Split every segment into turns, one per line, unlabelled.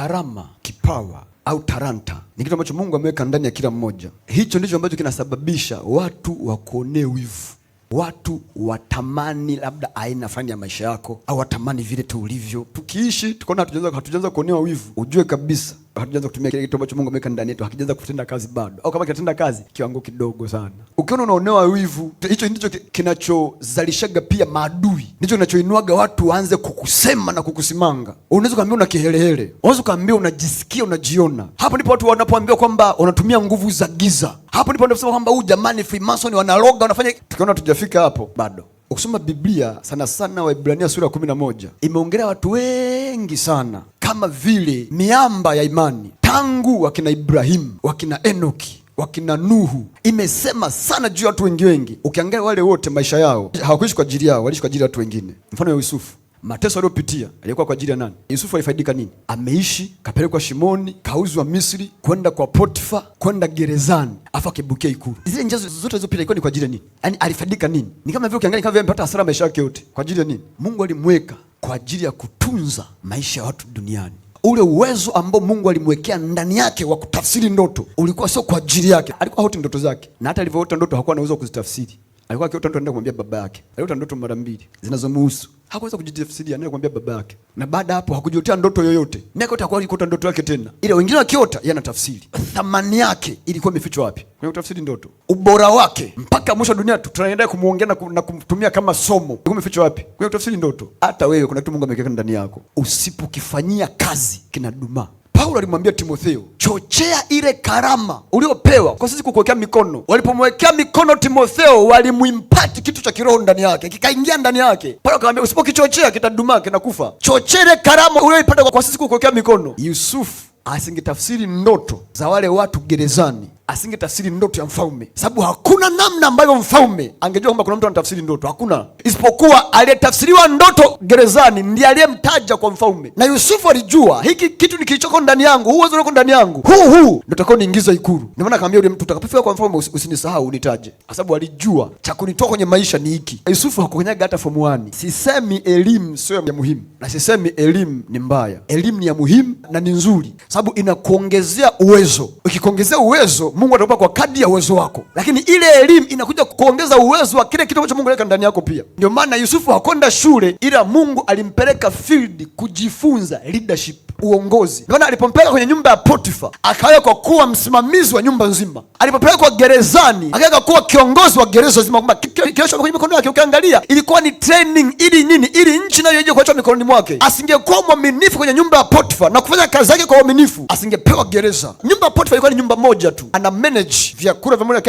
karama, kipawa au taranta ni kitu ambacho Mungu ameweka ndani ya kila mmoja. Hicho ndicho ambacho kinasababisha watu wakuonee wivu, watu watamani labda aina fulani ya maisha yako, au watamani vile tu ulivyo. Tukiishi tukaona hatujaanza kuonewa wivu, ujue kabisa hatujaanza kutumia kile kitu ambacho Mungu ameweka ndani yetu, hakijaanza kutenda kazi bado, au kama kinatenda kazi kiwango kidogo sana. Ukiona unaonewa wivu, hicho ndicho kinachozalishaga pia maadui, ndicho kinachoinuaga watu waanze kukusema na kukusimanga. Unaweza ukaambia una kihelehele, unaweza ukaambia unajisikia, unajiona. Hapo ndipo watu wanapoambiwa kwamba wanatumia nguvu za giza, hapo ndipo wanaposema kwamba huu jamani Freemason wanaroga, wanafanya. Tukiona tujafika hapo bado Ukisoma Biblia sana sana Waibrania sura ya kumi na moja imeongelea watu wengi sana kama vile miamba ya imani tangu wakina Ibrahimu, wakina Enoki, wakina Nuhu. Imesema sana juu ya watu wengi wengi. Ukiangalia wale wote maisha yao hawakuishi kwa ajili yao, waliishi kwa ajili ya watu wengine. Mfano ya Yusufu, mateso aliyopitia alikuwa kwa ajili ya nani? Yusufu alifaidika nini? Ameishi, kapelekwa shimoni, kauzwa Misri, kwenda kwa Potifa, kwenda gerezani, afu akibukia ikulu. Zile njia zote zilizopita ilikuwa ni kwa ajili ya nini? Yaani alifaidika nini? Ni kama vile ukiangalia, kama vile amepata hasara maisha yake yote kwa ajili ya nini? Mungu alimweka kwa ajili ya kutunza maisha ya watu duniani. Ule uwezo ambao Mungu alimwekea ndani yake wa kutafsiri ndoto ulikuwa sio kwa ajili yake. Alikuwa hoti ndoto zake, na hata alivyoota ndoto hakuwa na uwezo wa kuzitafsiri. Alikuwa akiota ndoto anaenda kumwambia baba yake. Aliota ndoto mara mbili zinazomuhusu hakuweza kujitafsiria, kumwambia baba yake. Na baada hapo hakujotea ndoto yoyote, miaka yote hakuwahi ndoto yake tena, ila wengine wakiota yana tafsiri. Thamani yake ilikuwa imefichwa wapi kwenye kutafsiri ndoto? Ubora wake mpaka mwisho wa dunia tunaendelea kumuongea na kumtumia kama somo, ilikuwa imefichwa wapi kwenye kutafsiri ndoto? Hata wewe kuna kitu Mungu amekiweka ndani yako, usipokifanyia kazi kinadumaa. Paulo alimwambia Timotheo, chochea ile karama uliopewa kwa sisi kukuwekea mikono. Walipomwekea mikono Timotheo, walimuimpati kitu cha kiroho ndani yake, kikaingia ndani yake. Paulo akamwambia, usipokichochea kitadumaa, kinakufa. Chochea ile karama uliyoipata kwa sisi kukuwekea mikono. Yusufu asingetafsiri ndoto za wale watu gerezani asingetafsiri ndoto ya mfalme, sababu hakuna namna ambayo mfalme angejua kwamba kuna mtu anatafsiri ndoto. Hakuna, isipokuwa aliyetafsiriwa ndoto gerezani ndiye aliyemtaja kwa mfalme. Na Yusufu alijua hiki kitu ni kilichoko ndani yangu, huu uwezo ulioko ndani yangu, huu huu ndio takao niingiza ikulu. Ndio maana akamwambia yule mtu, utakapofika kwa mfalme usinisahau, unitaje, kwa sababu alijua cha kunitoa kwenye maisha ni hiki. Yusufu hakukanyaga hata fomu wani. Sisemi elimu sio ya muhimu, na sisemi elimu ni mbaya. Elimu ni ya muhimu na ni nzuri, sababu inakuongezea uwezo. Ikikuongezea uwezo Mungu atakupa kwa kadri ya uwezo wako, lakini ile elimu inakuja kuongeza uwezo wa kile kitu ambacho Mungu aliweka ndani yako pia. Ndio maana Yusufu hakwenda shule, ila Mungu alimpeleka field kujifunza leadership uongozi. Ndio maana alipompeleka kwenye nyumba ya Potifa akawekwa kuwa msimamizi wa nyumba nzima, alipopelekwa gerezani akaweka kuwa kiongozi wa gereza zima, kwamba kiosho kwenye mikono yake. Ukiangalia ilikuwa ni training ili nini, ili nchi nayo ije kuachwa mikononi mwake. Asingekuwa mwaminifu kwenye nyumba ya Potifa na kufanya kazi yake kwa uaminifu, asingepewa gereza. Nyumba ya Potifa ilikuwa ni nyumba moja tu, ana manage vyakula vya moja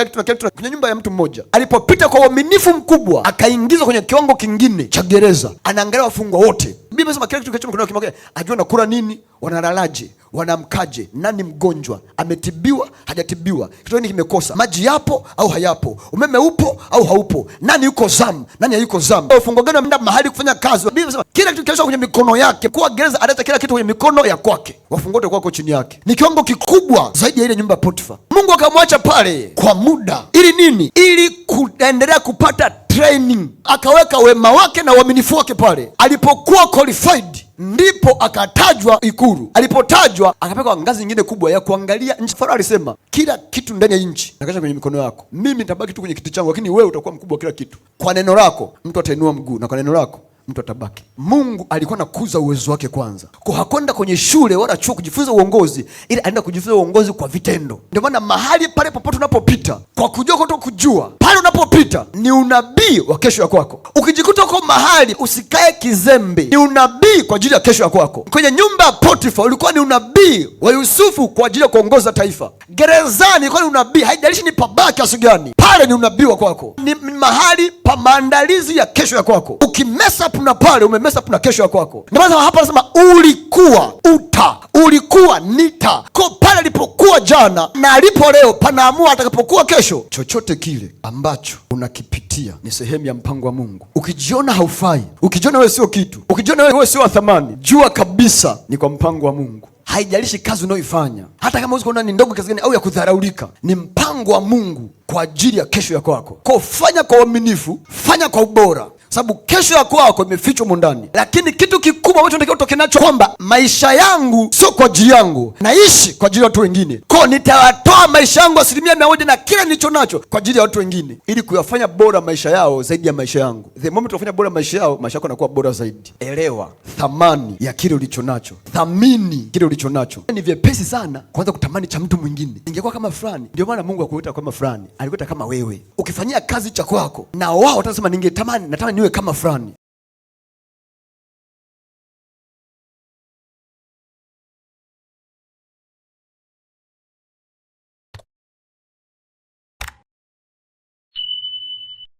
kwenye nyumba ya mtu mmoja. Alipopita kwa uaminifu mkubwa, akaingizwa kwenye kiwango kingine cha gereza, anaangalia wafungwa wote. Biblia inasema kila kitu kilichomo kuna kimwake. Ajua nakula nini, wanalalaje, wanamkaje? Nani mgonjwa? Ametibiwa, hajatibiwa? Kitoni kimekosa maji, yapo au hayapo? Umeme upo au haupo? Nani yuko zam? nani hayuko zam? Ufungo gani ameenda mahali kufanya kazi? Kila kitu kilicho kwenye mikono yake, kwa gereza aleta kila kitu kwenye mikono ya kwake, wafungo wote kwako chini yake. Ni kiwango kikubwa zaidi ya ile nyumba ya Potifa. Mungu akamwacha pale kwa muda, ili nini? Ili kuendelea kupata training, akaweka wema wake na uaminifu wake pale. Alipokuwa qualified ndipo akatajwa Ikulu. Alipotajwa akapewa ngazi nyingine kubwa ya kuangalia nchi. Farao alisema kila kitu ndani ya nchi nakesha kwenye mikono yako, mimi nitabaki tu kwenye kiti changu, lakini wewe utakuwa mkubwa kila kitu. Kwa neno lako mtu atainua mguu na kwa neno lako mtu atabaki. Mungu alikuwa anakuza uwezo wake kwanza, kwa hakwenda kwenye shule wala chuo kujifunza uongozi, ili alienda kujifunza uongozi kwa vitendo. Ndio maana mahali pale popote unapopita, kwa kujua kuto kujua, pale unapopita ni unabii wa kesho ya kwako. Ukijikuta uko mahali, usikae kizembe. Ni unabii kwa ajili ya kesho ya kwako. Kwenye nyumba ya Potifa ulikuwa ni unabii wa Yusufu kwa ajili ya kuongoza taifa. Gerezani ilikuwa ni unabii, haijalishi ni pabaya kiasi gani, pale ni unabii wa kwako, ni mahali pa maandalizi ya kesho ya kwako. Ukimesa puna pale, umemesa puna kesho ya kwako. Ndio maana hapa anasema ulikuwa uta, ulikuwa nita ko pale alipokuwa jana na alipo leo, panaamua atakapokuwa kesho. Chochote kile ambacho unakipitia ni sehemu ya mpango wa Mungu. Mungu. Ukijiona haufai, ukijiona wewe sio kitu, ukijiona wewe sio thamani, jua kabisa ni kwa mpango wa Mungu. Haijalishi kazi unayoifanya hata kama kuona ni ndogo kazi gani au ya kudharaulika, ni mpango wa Mungu kwa ajili ya kesho ya kwako. Kwa fanya kwa uaminifu, fanya kwa ubora, sababu kesho ya kwako imefichwa mundani. Lakini kitu kikubwa ambacho natakiwa utoke nacho kwamba maisha yangu sio kwa ajili yangu, naishi kwa ajili ya watu wengine. kwa nitawatoa maisha yangu asilimia mia moja na kila nilicho nacho kwa ajili ya watu wengine, ili kuyafanya bora maisha yao zaidi ya maisha yangu. The moment unafanya bora maisha yao, maisha yako yanakuwa bora zaidi. Elewa thamani ya kile ulicho nacho, thamini kile ulicho nacho. Ni vyepesi sana kuanza kutamani cha mtu mwingine. Ingekuwa kama fulani, ndio maana Mungu akuita kama fulani, alikuita kama wewe. Ukifanyia kazi cha kwako, na wao watasema ningetamani, natamani niwe kama fulani.